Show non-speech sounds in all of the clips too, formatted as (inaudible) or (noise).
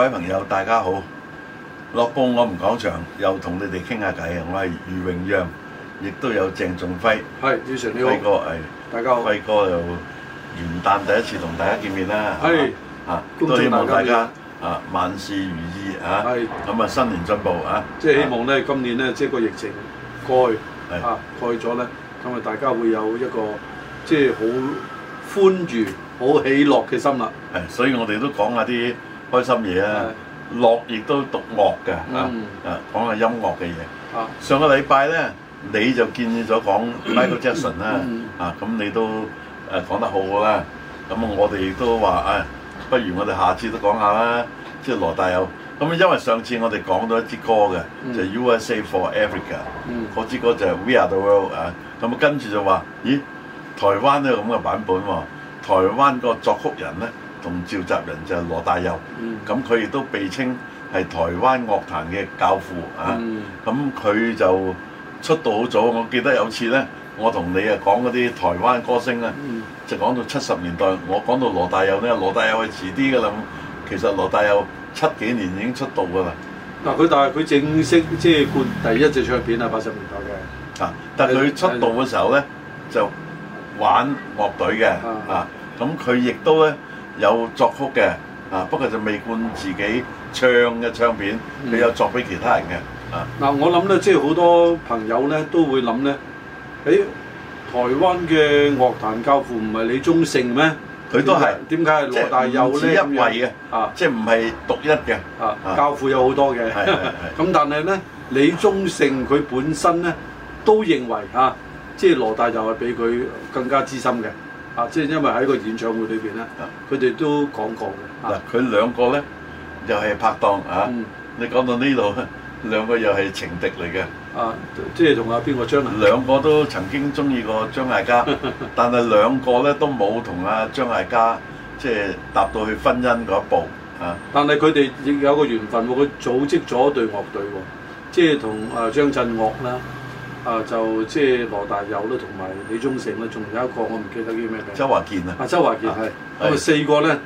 各位朋友，大家好！樂報我們講場又同你哋傾下偈，我係余榮揚，亦都有鄭仲輝。係，馮常你好，輝哥，係，大家好，輝哥又元旦第一次同大家見面啦，係，啊，都希望大家啊萬事如意啊，咁啊新年進步啊，即係希望咧今年咧即係個疫情過去，啊過咗咧，咁啊大家會有一個即係好歡愉、好喜樂嘅心啦。係，所以我哋都講下啲。開心嘢啊，樂亦都讀樂嘅嚇，啊講下音樂嘅嘢。上個禮拜咧，你就建議咗講 Michael Jackson 啦，啊咁你都誒講得好啦。咁我哋亦都話誒，不如我哋下次都講下啦。即係羅大佑咁，因為上次我哋講到一支歌嘅，就係 USA for Africa，嗰支歌就係 We Are the World 啊。咁跟住就話咦，台灣都有咁嘅版本喎。台灣個作曲人咧？同召集人就係羅大佑，咁佢亦都被稱係台灣樂壇嘅教父、嗯、啊！咁佢就出道好早，我記得有次呢，我同你啊講嗰啲台灣歌星咧，嗯、就講到七十年代，我講到羅大佑呢，羅大佑係遲啲㗎啦。其實羅大佑七幾年已經出道㗎啦。嗱，佢但係佢正式即係灌第一隻唱片啊，八十年代嘅。啊，但係佢出道嘅時候呢，就玩樂隊嘅的啊，咁佢亦都呢。有作曲嘅啊，不過就未灌自己唱嘅唱片，佢有作俾其他人嘅啊。嗱、嗯，我諗咧，即係好多朋友咧都會諗咧，誒、欸，台灣嘅樂壇教父唔係李宗盛咩？佢都係點解係羅大佑咧咁樣啊？即係唔係獨一嘅啊？教父有好多嘅，咁、啊、 (laughs) 但係咧，李宗盛佢本身咧都認為啊，即、就、係、是、羅大佑係比佢更加資深嘅。即係因為喺個演唱會裏邊咧，佢哋、啊、都講過嘅。嗱、啊，佢兩個咧又係拍檔啊！嗯、你講到呢度，兩個又係情敵嚟嘅。啊，即係同阿邊個張？兩個都曾經中意過張艾嘉， (laughs) 但係兩個咧都冇同阿張艾嘉即係踏到去婚姻嗰一步啊！但係佢哋亦有個緣分喎，佢組織咗一隊樂隊喎，即係同阿張震岳啦。啊，就即係羅大佑啦，同埋李宗盛啦，仲有一個我唔記得叫咩名。周華健啊，啊周華健係，咁啊四個咧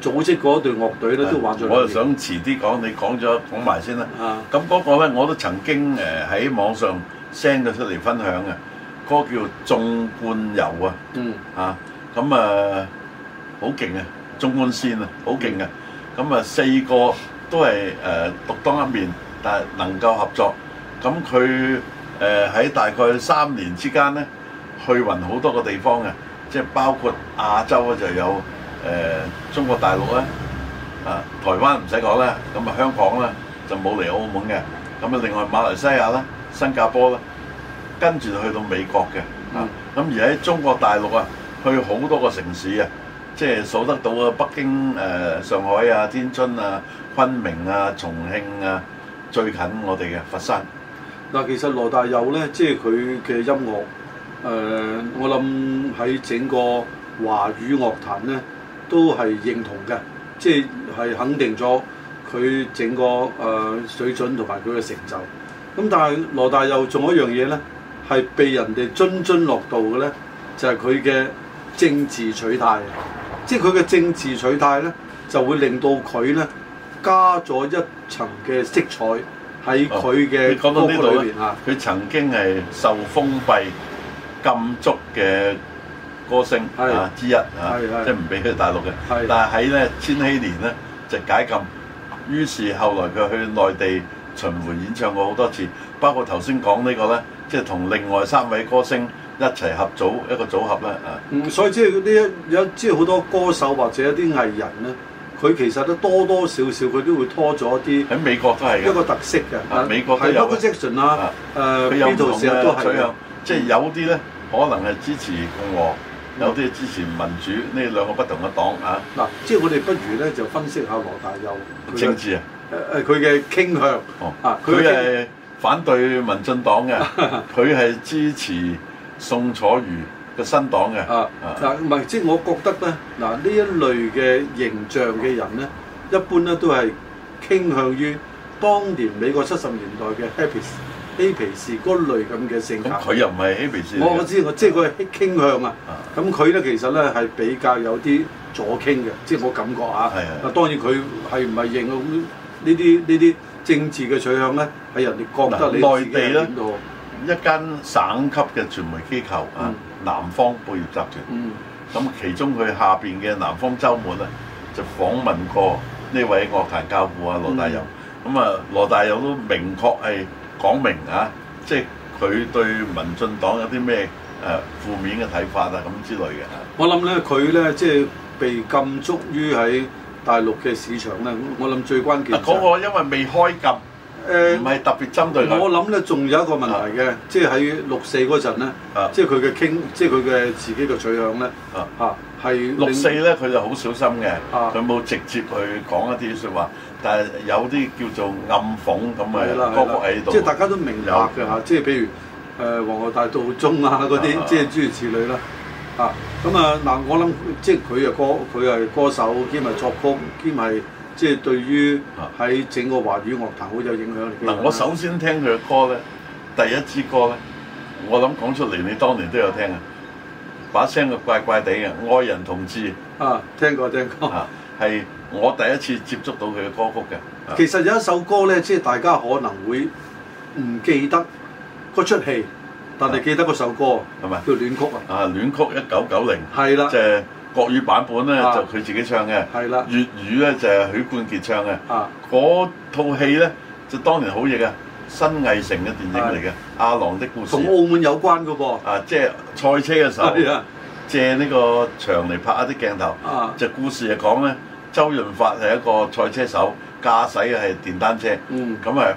組織嗰隊樂隊咧都玩咗。我就想遲啲講，你講咗講埋先啦。啊，咁嗰個咧我都曾經誒喺網上 send 咗出嚟分享嘅歌、那個、叫做《縱貫遊》嗯、啊。嗯。啊，咁啊好勁啊，縱貫線啊，好勁啊。咁啊四個都係誒獨當一面，但係能夠合作。咁佢。誒喺大概三年之間呢去雲好多個地方嘅，即係包括亞洲就有誒、呃、中國大陸啦、啊，台灣唔使講啦，咁啊香港啦就冇嚟澳門嘅，咁啊另外馬來西亞啦、新加坡啦，跟住去到美國嘅，咁、嗯、而喺中國大陸啊，去好多個城市啊，即係數得到嘅北京誒、呃、上海啊、天津啊、昆明啊、重慶啊，最近我哋嘅佛山。嗱，其實羅大佑咧，即係佢嘅音樂誒、呃，我諗喺整個華語樂壇咧，都係認同嘅，即係肯定咗佢整個誒、呃、水準同埋佢嘅成就。咁但係羅大佑仲有一樣嘢咧，係被人哋津津樂道嘅咧，就係佢嘅政治取態，即係佢嘅政治取態咧，就會令到佢咧加咗一層嘅色彩。喺佢嘅歌壇裏面、哦、啊，佢曾經係受封閉禁足嘅歌星啊之一啊，即係唔俾佢去大陸嘅。的但係喺咧千禧年咧就解禁，於是後來佢去內地巡迴演唱過好多次，包括頭先講呢個咧，即係同另外三位歌星一齊合組一個組合咧啊、嗯。所以即係嗰啲有即係好多歌手或者啲藝人咧。佢其實都多多少少佢都會拖咗啲喺美國都係一個特色嘅，喺多個 position 啦，誒邊度成日都係，即係有啲咧可能係支持共和，有啲支持民主呢兩、嗯、個不同嘅黨啊。嗱、啊，即係我哋不如咧就分析下羅大佑政治啊，誒佢嘅傾向，佢係、哦、反對民進黨嘅，佢係 (laughs) 支持宋楚瑜。個新黨嘅啊嗱，唔係即係我覺得咧，嗱呢一類嘅形象嘅人咧，一般咧都係傾向於當年美國七十年代嘅嬉皮嬉皮士嗰類咁嘅性格。咁佢又唔係嬉皮士。我我知，我即係佢傾向啊。咁佢咧其實咧係比較有啲左傾嘅，即係我感覺啊。嗱當然佢係唔係認呢啲呢啲政治嘅取向咧？係人哋覺得你係喺內地，一間省級嘅傳媒機構啊，嗯、南方報業集團。咁、嗯、其中佢下邊嘅《南方周末》咧，就訪問過呢位樂壇教父啊羅大佑。咁啊，羅大佑、嗯嗯、都明確係講明啊，即係佢對民進黨有啲咩誒負面嘅睇法啊，咁之類嘅。我諗咧，佢咧即係被禁足於喺大陸嘅市場咧。我諗最關鍵啊，嗰個因為未開禁。誒唔係特別針對我諗咧，仲有一個問題嘅，即係喺六四嗰陣咧，即係佢嘅傾，即係佢嘅自己嘅取向咧，嚇係、啊、六四咧，佢就好小心嘅，佢冇直接去講一啲説話，但係有啲叫做暗諷咁嘅歌，喺度。即係大家都明白嘅嚇，即係、嗯、譬如誒皇后大道中啊嗰啲，即係、就是、諸如此類啦、啊，嚇、嗯、咁啊嗱、啊，我諗即係佢係歌，佢係歌手兼埋作曲兼係。即係對於喺整個華語樂壇好有影響力。嗱，我首先聽佢嘅歌咧，第一支歌咧，我諗講出嚟你當年都有聽啊，把聲嘅怪怪地嘅《愛人同志》啊，聽過聽過，係我第一次接觸到佢嘅歌曲嘅。其實有一首歌咧，即係大家可能會唔記得嗰出戲，但係記得嗰首歌，係咪？叫《戀曲》啊，啊《戀曲》一九九零，係啦，即係。國語版本咧就佢自己唱嘅，啊、粵語咧就係許冠傑唱嘅。嗰套、啊、戲咧就是、當年好熱嘅，新藝城嘅電影嚟嘅《啊、阿郎的故事》。同澳門有關嘅噃。啊，即、就、係、是、賽車嘅時候，借呢個場嚟拍一啲鏡頭。啊、就故事就講咧，周潤發係一個賽車手，駕駛嘅係電單車。咁誒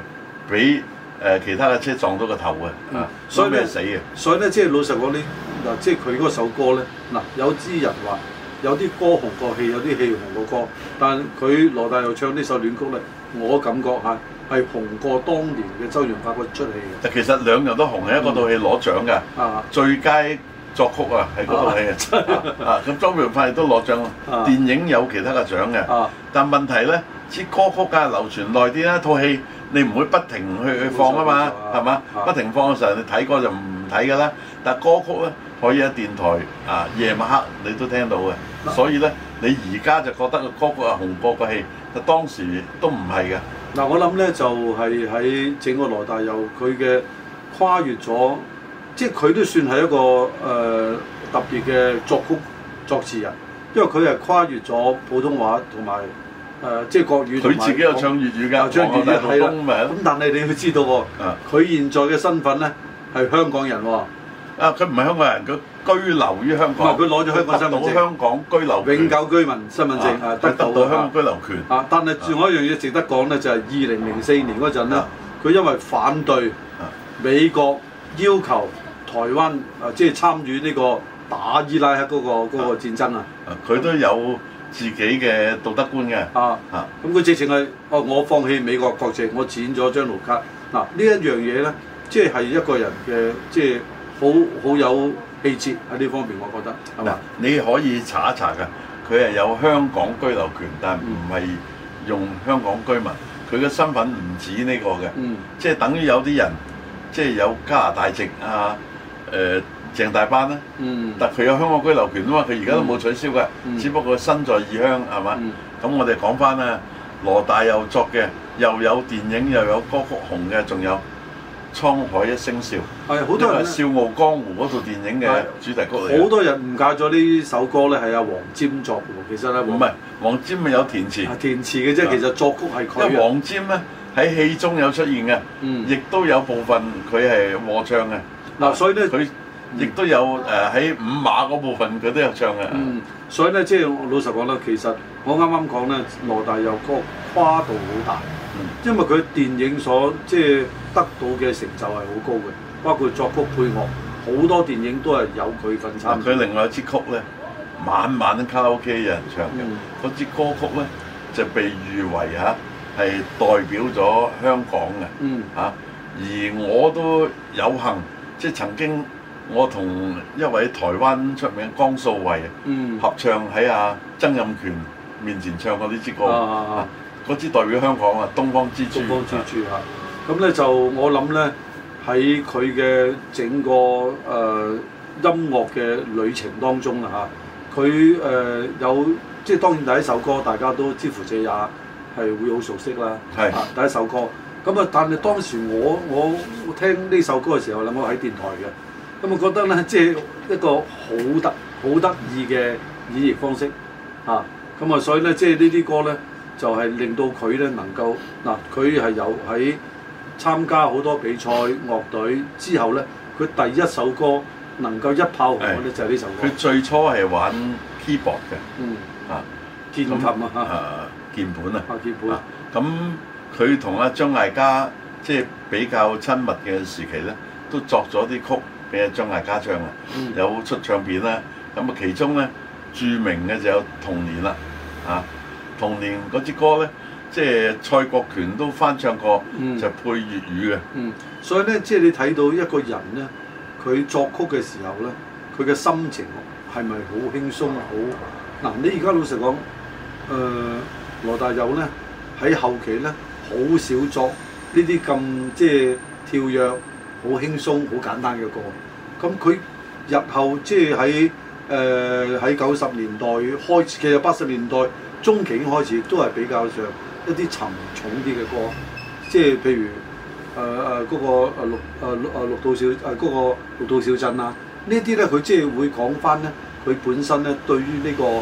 俾誒其他嘅車撞到個頭嘅、嗯，所以咧死嘅。所以咧，即係老實講咧。嗱，即係佢嗰首歌咧，嗱，有啲人話有啲歌紅過戲，有啲戲紅過歌。但係佢羅大佑唱呢首《戀曲》咧，我感覺吓係紅過當年嘅周潤發嗰出戲嘅。其實兩樣都紅，一個套戲攞獎㗎，啊，最佳作曲啊，係嗰套戲嘅。啊，咁周潤發亦都攞獎，電影有其他嘅獎嘅。但係問題咧，啲歌曲梗係流傳耐啲啦，套戲你唔會不停去去放啊嘛，係嘛？不停放嘅時候，你睇過就唔睇㗎啦。但係歌曲咧。可以喺電台啊，夜晚黑你都聽到嘅，啊、所以咧，你而家就覺得個曲啊紅過個戲，就當時都唔係嘅。嗱、啊，我諗咧就係、是、喺整個羅大佑，佢嘅跨越咗，即係佢都算係一個誒、呃、特別嘅作曲作詞人，因為佢係跨越咗普通話同埋誒即係國語。佢自己有唱粵、啊講啊、語㗎，唱粵語係，咁但係你要知道喎、哦，佢、啊啊、現在嘅身份咧係香港人喎。啊啊！佢唔係香港人，佢居留於香港。佢攞咗香港身份證，到香港居留永久居民身份證啊，得到香港居留權啊，啊，啊！但係仲有一樣嘢值得講咧，就係二零零四年嗰陣咧，佢、啊、因為反對美國要求台灣啊，即係參與呢個打伊拉克嗰、嗰個嗰、啊、個戰爭啊。佢都有自己嘅道德觀嘅啊。咁佢直情係哦，我放棄美國國籍，我剪咗張綠卡嗱。啊、呢一樣嘢咧，即係一個人嘅即係。啊啊啊好好有氣節喺呢方面，我覺得係嘛，你可以查一查嘅，佢係有香港居留權，但唔係用香港居民，佢嘅、嗯、身份唔止呢個嘅，嗯、即係等於有啲人，即係有加拿大籍啊，誒、呃、鄭大班啦、啊，嗯，但佢有香港居留權啊嘛，佢而家都冇取消嘅，嗯、只不過身在異鄉係嘛，咁、嗯嗯、我哋講返啊，羅大佑作嘅又有電影又有歌曲紅嘅，仲有。滄海一聲笑，係好多人笑傲江湖嗰套電影嘅主題曲嚟。好多人誤解咗呢首歌咧，係阿黃霑作嘅，其實咧唔係黃霑咪有填詞，填詞嘅啫。其實作曲係佢。因為黃霑咧喺戲中有出現嘅，亦都有部分佢係和唱嘅。嗱，所以咧佢亦都有誒喺五馬嗰部分佢都有唱嘅。嗯，所以咧即係老實講啦，其實我啱啱講咧羅大佑個跨度好大，因為佢電影所即係。得到嘅成就係好高嘅，包括作曲配樂，好多電影都係有佢份參與。佢另外一支曲呢，晚晚卡拉 OK 有人唱嘅，嗰、嗯、支歌曲呢，就被譽為嚇係、啊、代表咗香港嘅嚇、嗯啊。而我都有幸，即係曾經我同一位台灣出名江素慧、嗯、合唱喺阿、啊、曾蔭權面前唱過呢支歌，嗰支代表香港啊，《東方之珠》啊。咁咧就我諗呢，喺佢嘅整個誒、呃、音樂嘅旅程當中啦嚇，佢、啊、誒、呃、有即係當然第一首歌大家都知，之乎者也係會好熟悉啦，嚇是、啊、第一首歌。咁啊，但係當時我我，我聽呢首歌嘅時候，諗我喺電台嘅，咁、啊、我覺得呢，即係一個好得好得意嘅演繹方式，嚇、啊。咁啊所以呢，即係呢啲歌呢，就係、是、令到佢呢能夠嗱佢係有喺。參加好多比賽樂隊之後咧，佢第一首歌能夠一炮紅嘅咧就係呢首歌。佢最初係玩 keyboard 嘅，嗯、啊，鍵琴啊，啊鍵盤啊，咁佢同阿張艾嘉即係比較親密嘅時期咧，都作咗啲曲俾阿張艾嘉唱啊，嗯、有出唱片啦、啊。咁啊，其中咧著名嘅就有《童年》啦、啊啊啊啊，啊，啊《童年》嗰支歌咧。即係蔡國權都翻唱過，嗯、就配粵語嘅。嗯、所以咧，即係你睇到一個人咧，佢作曲嘅時候咧，佢嘅心情係咪好輕鬆啊？好嗱、嗯啊，你而家老實講，誒、呃、羅大佑咧喺後期咧，好少作呢啲咁即係跳躍、好輕鬆、好簡單嘅歌。咁佢日後即係喺誒喺九十年代開始，其實八十年代中期開始都係比較上，一啲沉重啲嘅歌，即係譬如誒誒嗰個誒鹿誒鹿誒港小誒嗰個鹿港小鎮啦，呢啲咧佢即係會講翻咧佢本身咧對於呢、這個誒、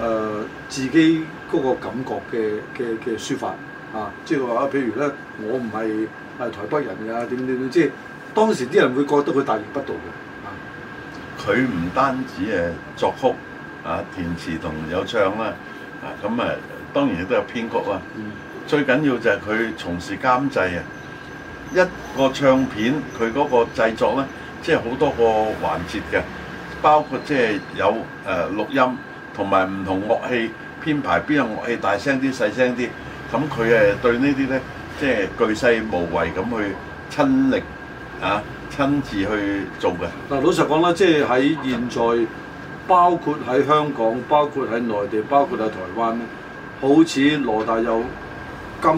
呃、自己嗰個感覺嘅嘅嘅抒發啊，即係話譬如咧我唔係係台北人呀點點點，即係當時啲人會覺得佢大逆不道嘅啊。佢唔單止誒作曲啊、填詞同有唱啦啊，咁誒。啊當然都有編曲啊，最緊要就係佢從事監製啊。一個唱片佢嗰個製作呢，即係好多個環節嘅，包括即係有誒錄音同埋唔同樂器編排，邊樣樂器大聲啲、細聲啲，咁佢係對呢啲呢，即係巨細無遺咁去親力啊、親自去做嘅。嗱，老實講啦，即係喺現在，包括喺香港，包括喺內地，包括喺台灣咧。好似羅大佑咁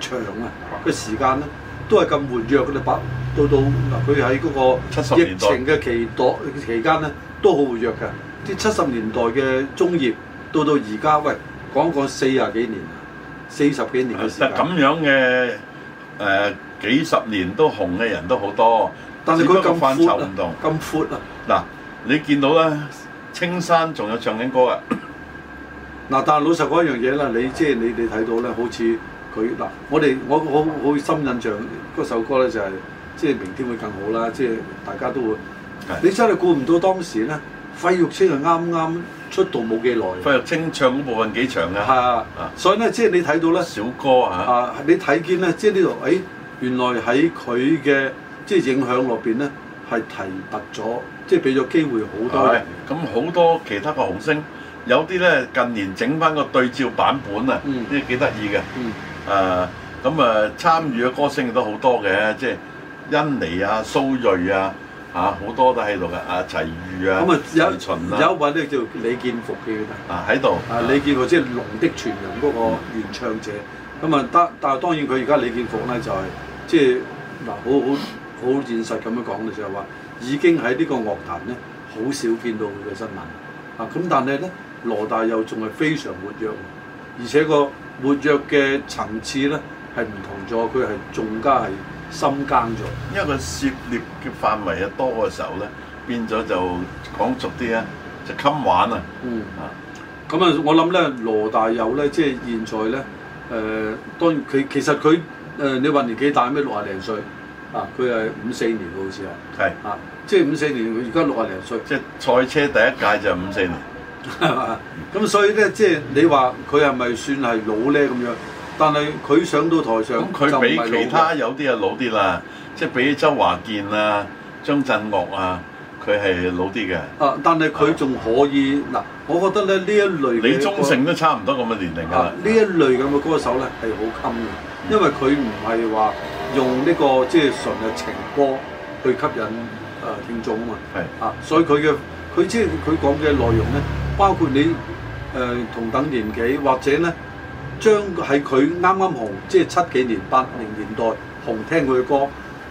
長啊，個時間咧都係咁活躍嘅啦，八到到，嗱佢喺嗰個疫情嘅期度期間咧都好活躍嘅。啲七十年代嘅中葉到到而家，喂講講四啊幾年，四十幾年嘅時間咁樣嘅誒、呃、幾十年都紅嘅人都好多，但係佢咁範疇唔同啊，咁闊啊！嗱、啊，你見到咧，青山仲有唱緊歌啊！嗱，但係老實講一樣嘢啦，你即係你你睇到咧，好似佢嗱，我哋我好好深印象嗰首歌咧就係即係明天會更好啦，即係大家都會。是的 你真係估唔到當時咧，費玉清係啱啱出道冇幾耐。費玉清唱嗰部分幾長㗎嚇，所以咧即係你睇到咧，小歌嚇、啊，你睇見咧即係呢度，哎，原來喺佢嘅即係影響落邊咧，係提拔咗，即係俾咗機會好多，咁好多其他嘅紅星。有啲咧近年整翻個對照版本啊，呢幾得意嘅，誒咁啊參與嘅歌星都好多嘅，即係恩妮啊、蘇芮啊，嚇好多都喺度嘅，阿齊豫啊、陳奕迅啦，有位咧、啊、叫李建復嘅。唔叫啊喺度？啊李建復即係龍的傳人嗰個原唱者，咁啊得，但係當然佢而家李建復咧就係即係嗱好好好，好現實咁樣講咧，就係、係、話已經喺呢個樂壇咧好少見到佢嘅新聞啊，咁但係咧。羅大佑仲係非常活躍，而且個活躍嘅層次咧係唔同咗，佢係仲加係深耕咗，因為佢涉獵嘅範圍啊多嘅時候咧，變咗就講俗啲啊，就襟玩啊。嗯啊，咁啊，我諗咧羅大佑咧，即係現在咧，誒、呃、當然佢其實佢誒、呃、你運年紀大咩？六啊零歲啊，佢係五四年好似啊，係是啊，即係五四年，佢而家六啊零歲，是即係賽車第一屆就係五四年。嗯咁所以咧，即係你話佢係咪算係老咧咁樣？但係佢上到台上，咁佢比其他有啲啊老啲啦，即係比周華健啊、張震岳啊，佢係老啲嘅。啊！但係佢仲可以嗱，我覺得咧呢一類，李宗盛都差唔多咁嘅年齡噶啦。呢一類咁嘅歌手咧係好襟嘅，因為佢唔係話用呢個即係純嘅情歌去吸引誒聽眾啊嘛。係啊，所以佢嘅佢即係佢講嘅內容咧。包括你誒、呃、同等年紀，或者咧，將喺佢啱啱紅，即係七幾年、八零年代紅聽佢嘅歌，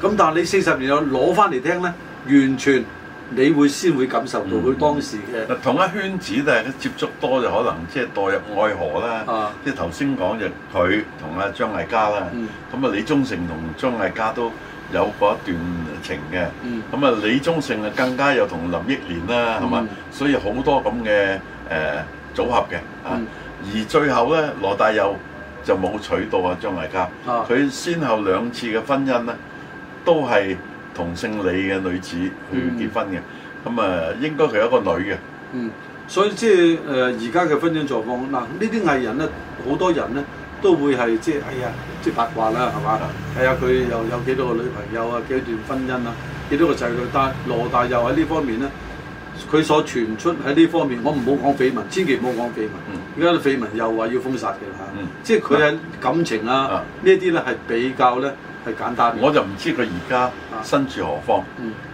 咁但係你四十年後攞翻嚟聽咧，完全你會先會感受到佢當時嘅、嗯嗯。同一圈子但啊，接觸多就可能即係墮入愛河啦。啊、即係頭先講就佢同阿張麗嘉啦，咁啊、嗯、李宗盛同張麗嘉都。有過一段情嘅，咁啊、嗯、李宗盛啊更加有同林憶蓮啦，係嘛？嗯、所以好多咁嘅誒組合嘅啊。嗯、而最後咧，羅大佑就冇娶到張艾嘉啊，張艾嘉。佢先後兩次嘅婚姻咧，都係同姓李嘅女子去結婚嘅。咁啊、嗯，應該佢有一個女嘅。嗯，所以即係誒而家嘅婚姻狀況嗱，呢啲藝人咧，好多人咧。都會係即係，哎呀，即係八卦啦，係嘛？係啊，佢又有幾多個女朋友啊？幾段婚姻啊？幾多個仔女？但羅大佑喺呢方面咧，佢所傳出喺呢方面，我唔好講緋聞，千祈唔好講緋聞。而家緋聞又話要封殺嘅嚇，即係佢喺感情啊呢啲咧係比較咧係簡單。我就唔知佢而家身處何方，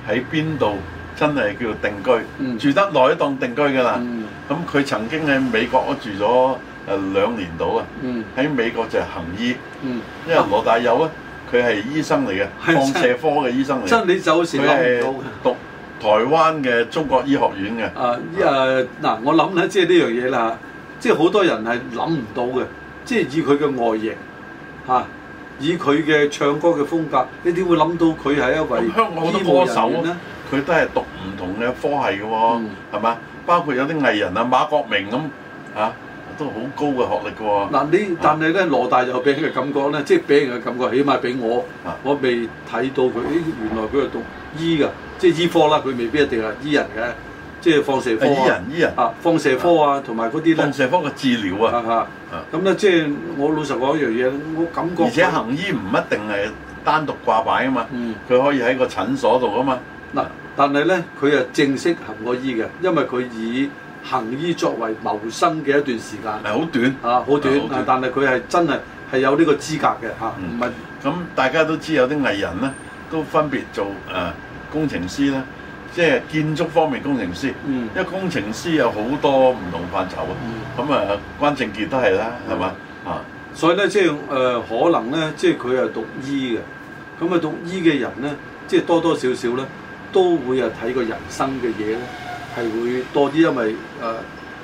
喺邊度真係叫做定居，住得耐當定居㗎啦。咁佢曾經喺美國住咗誒兩年到啊！喺、嗯、美國就係行醫，嗯、因為羅大佑咧，佢係、啊、醫生嚟嘅，放射科嘅醫生嚟。嘅。真，你走時諗唔到。讀台灣嘅中國醫學院嘅、啊。啊，依的啊嗱，我諗咧，即係呢樣嘢啦，即係好多人係諗唔到嘅，即係以佢嘅外形嚇、啊，以佢嘅唱歌嘅風格，你點會諗到佢係一位、啊、香港好多歌手咧？佢都係讀唔同嘅科系嘅喎，係嘛、啊啊啊？包括有啲藝人啊，馬國明咁嚇。啊啊啊啊都好高嘅學歷嘅、啊、喎。嗱、啊、你，但係咧，啊、羅大佑俾人嘅感覺咧，即係俾人嘅感覺，起碼俾我，啊、我未睇到佢、欸，原來佢係讀醫嘅，即係醫科啦，佢未必一定係醫人嘅，即係放射科啊。人、啊、醫人，醫人啊，放射科啊，同埋嗰啲咧。放射科嘅治療啊。咁咧、啊，即係我老實講一樣嘢，我感覺。而且行醫唔一定係單獨掛牌啊嘛，佢、嗯、可以喺個診所度啊嘛。嗱、嗯，但係咧，佢係正式行過醫嘅，因為佢以。行醫作為謀生嘅一段時間，係好短啊，好短，但係佢係真係係有呢個資格嘅嚇、嗯，唔係咁，大家都知有啲藝人咧，都分別做誒、呃、工程師咧，即係建築方面工程師，因為工程師有好多唔同範疇啊，咁、嗯、啊、嗯嗯嗯嗯、關正傑都係啦，係嘛啊，所以咧，即係誒可能咧，即係佢係讀醫嘅，咁、嗯、啊、嗯嗯、讀醫嘅人咧，即係多多少少咧，都會啊睇過人生嘅嘢咧。係會多啲，因為誒、呃、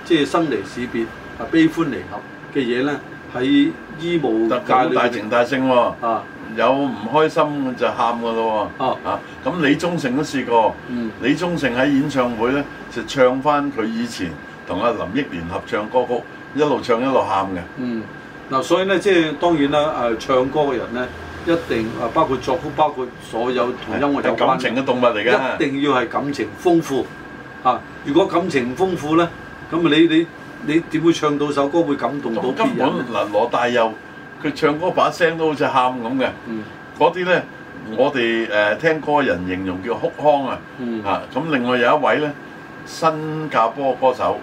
即係生離死別、悲歡離合嘅嘢咧，喺醫務界裏邊大情大性喎、哦，啊、有唔開心就喊噶咯喎，啊咁、啊、李宗盛都試過，嗯、李宗盛喺演唱會咧就唱翻佢以前同阿林憶蓮合唱歌曲，一路唱一路喊嘅。嗯，嗱、啊、所以咧即係當然啦，誒、啊、唱歌嘅人咧一定誒、啊、包括作曲，包括所有同音樂有感情嘅動物嚟嘅，一定要係感情豐富。啊！如果感情豐富咧，咁你你你點會唱到首歌會感動到啲人？嗱，羅大佑佢唱歌把聲都好似喊咁嘅。嗯，嗰啲咧，嗯、我哋誒、呃、聽歌人形容叫哭腔啊。嗯，嚇咁、啊、另外有一位咧，新加坡歌手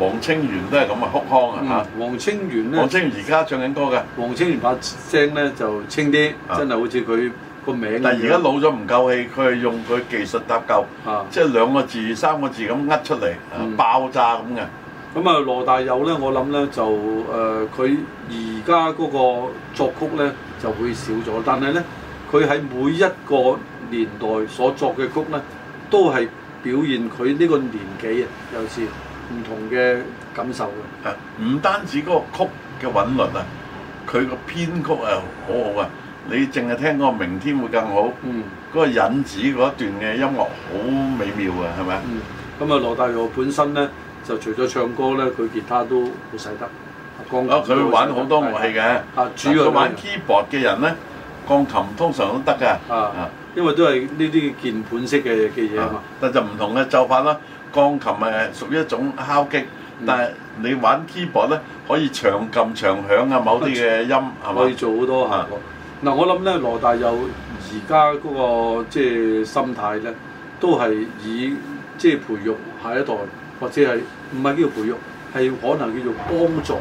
黃、嗯、清源都係咁嘅哭腔啊嚇。黃、嗯、清源咧，黃清源而家唱緊歌嘅。黃清源把聲咧就清啲，真係好似佢。個名，但而家老咗唔夠氣，佢係用佢技術搭救，啊、即係兩個字、三個字咁呃出嚟，嗯、爆炸咁嘅。咁啊、嗯，羅大佑呢，我諗呢，就誒，佢而家嗰個作曲呢就會少咗，但係呢，佢喺每一個年代所作嘅曲呢，都係表現佢呢個年紀啊，又是唔同嘅感受嘅。唔單止嗰個曲嘅韻律啊，佢個編曲啊，好好啊。你淨係聽嗰個明天會更好，嗰個引子嗰段嘅音樂好美妙啊，係咪啊？咁啊，羅大佑本身咧就除咗唱歌咧，佢吉他都好使得，鋼琴。佢玩好多樂器嘅。主要。佢玩 keyboard 嘅人咧，鋼琴通常都得㗎。啊，因為都係呢啲鍵盤式嘅嘅嘢啊嘛。但就唔同嘅奏法啦。鋼琴係屬於一種敲擊，但係你玩 keyboard 咧可以長撳長響啊，某啲嘅音係嘛？可以做好多下。嗱，我諗呢，羅大佑而家嗰個即係心態呢，都係以即係培育下一代，或者係唔係叫做培育，係可能叫做幫助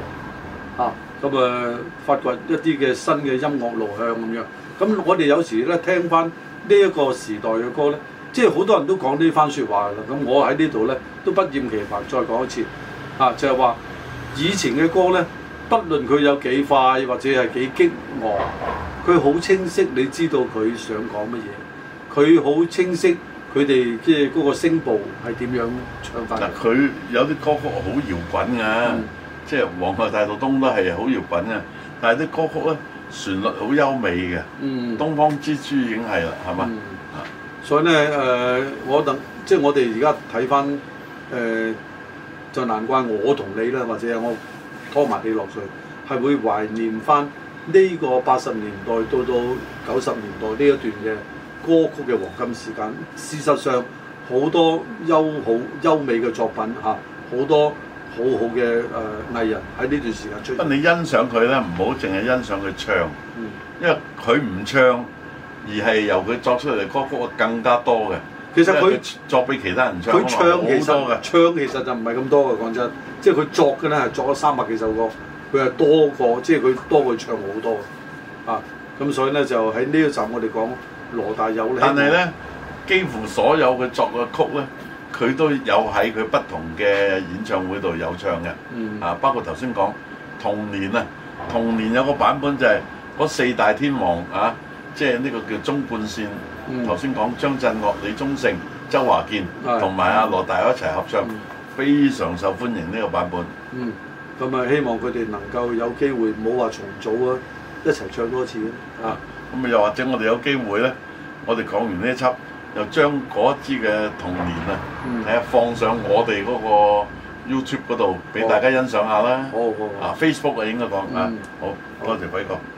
嚇。咁、啊、誒、啊、發掘一啲嘅新嘅音樂路向咁樣。咁、啊、我哋有時呢，聽翻呢一個時代嘅歌呢，即係好多人都講呢番説話啦。咁我喺呢度呢，都不厭其煩再講一次，啊就係、是、話以前嘅歌呢，不論佢有幾快或者係幾激昂。佢好清晰，你知道佢想講乜嘢？佢好清晰，佢哋即係嗰個聲部係點樣唱法？嗱，佢有啲歌曲好搖滾㗎，嗯、即係《皇后大道東》都係好搖滾啊！但係啲歌曲咧旋律好優美嘅，嗯，《東方之珠》已經係啦，係嘛？嗯嗯、所以咧誒、呃，我等即係我哋而家睇翻誒，就難怪我同你啦，或者我拖埋你落去，係會懷念翻。呢個八十年代到到九十年代呢一段嘅歌曲嘅黃金時間，事實上好多優好優美嘅作品啊，好多好好嘅誒藝人喺呢段時間出現。你欣賞佢呢，唔好淨係欣賞佢唱，因為佢唔唱，而係由佢作出嚟嘅歌曲更加多嘅。其實佢作俾其他人唱，佢唱好多㗎，唱其實就唔係咁多嘅，講真，即係佢作嘅呢，係作咗三百幾首歌。佢係多過，即係佢多過唱好多啊，咁所以呢，就喺呢一集我哋講羅大佑咧。但係呢，幾乎所有佢作嘅曲呢，佢都有喺佢不同嘅演唱會度有唱嘅，啊，包括頭先講《童年》啊，《童年》有個版本就係嗰四大天王啊，即係呢個叫中半線，頭先講張震岳、李宗盛、周華健同埋阿羅大佑一齊合唱，嗯、非常受歡迎呢個版本。嗯咁啊，希望佢哋能夠有機會，唔好話重組啊，一齊唱多次啊！咁啊，又或者我哋有機會呢，我哋講完呢一輯，又將嗰支嘅童年啊，睇下、嗯、放上我哋嗰個 YouTube 度，俾、嗯、大家欣賞下啦。哦哦啊，Facebook 啊，Facebook 應該講啊，嗯、好，多謝鬼哥。嗯